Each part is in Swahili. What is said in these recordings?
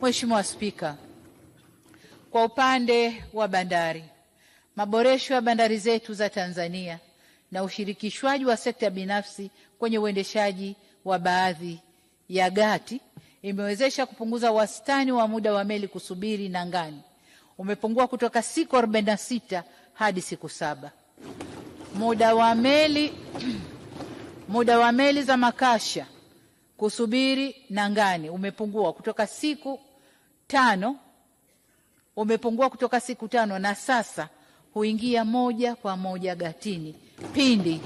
Mheshimiwa Spika, kwa upande wa bandari, maboresho ya bandari zetu za Tanzania na ushirikishwaji wa sekta binafsi kwenye uendeshaji wa baadhi ya gati imewezesha kupunguza wastani wa muda wa meli kusubiri nangani, umepungua kutoka siku 46 hadi siku saba. Muda wa meli muda wa meli za makasha kusubiri nangani umepungua kutoka siku tano umepungua kutoka siku tano na sasa huingia moja kwa moja gatini pindi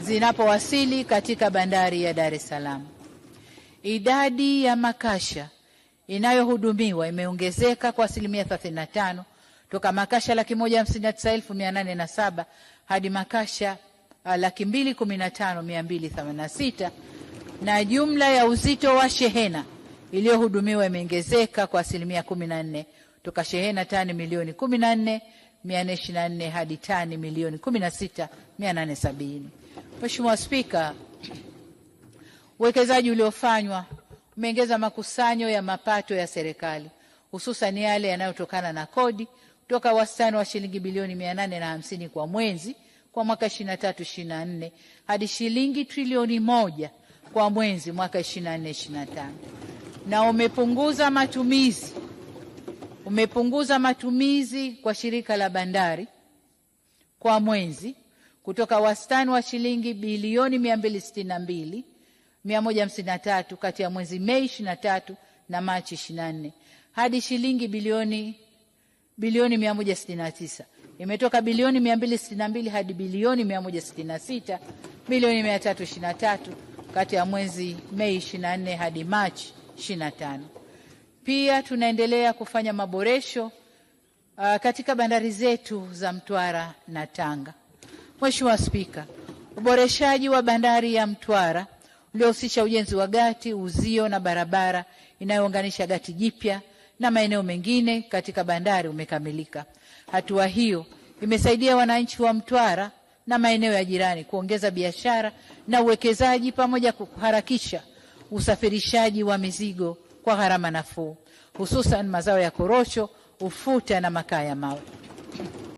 zinapowasili katika bandari ya Dar es Salaam. Idadi ya makasha inayohudumiwa imeongezeka kwa asilimia 35 toka makasha laki moja hamsini na tisa elfu mia nane na saba hadi makasha uh, laki mbili kumi na tano mia mbili themanini na sita na jumla ya uzito wa shehena iliyohudumiwa imeongezeka kwa asilimia kumi na nne toka shehena tani milioni kumi na nne mia nne na nne hadi tani milioni kumi na sita mia nane sabini. Mheshimiwa Spika, uwekezaji uliofanywa umeongeza makusanyo ya mapato ya serikali hususan yale yanayotokana na kodi toka wastani wa shilingi bilioni mia nane na hamsini kwa mwezi kwa mwaka 23 24 hadi shilingi trilioni moja kwa mwezi mwaka 24 25 na umepunguza matumizi, umepunguza matumizi kwa shirika la bandari kwa mwezi kutoka wastani wa shilingi bilioni 262 153 kati ya mwezi Mei 23 na Machi 24 hadi shilingi bilioni bilioni 169. Imetoka bilioni 262 hadi bilioni 166 bilioni 323 kati ya mwezi Mei 24 hadi Machi 25. Pia tunaendelea kufanya maboresho uh, katika bandari zetu za Mtwara na Tanga. Mheshimiwa Spika, uboreshaji wa bandari ya Mtwara uliohusisha ujenzi wa gati, uzio na barabara inayounganisha gati jipya na maeneo mengine katika bandari umekamilika. Hatua hiyo imesaidia wananchi wa Mtwara na maeneo ya jirani kuongeza biashara na uwekezaji pamoja kuharakisha usafirishaji wa mizigo kwa gharama nafuu, hususan mazao ya korosho, ufuta na makaa ya mawe.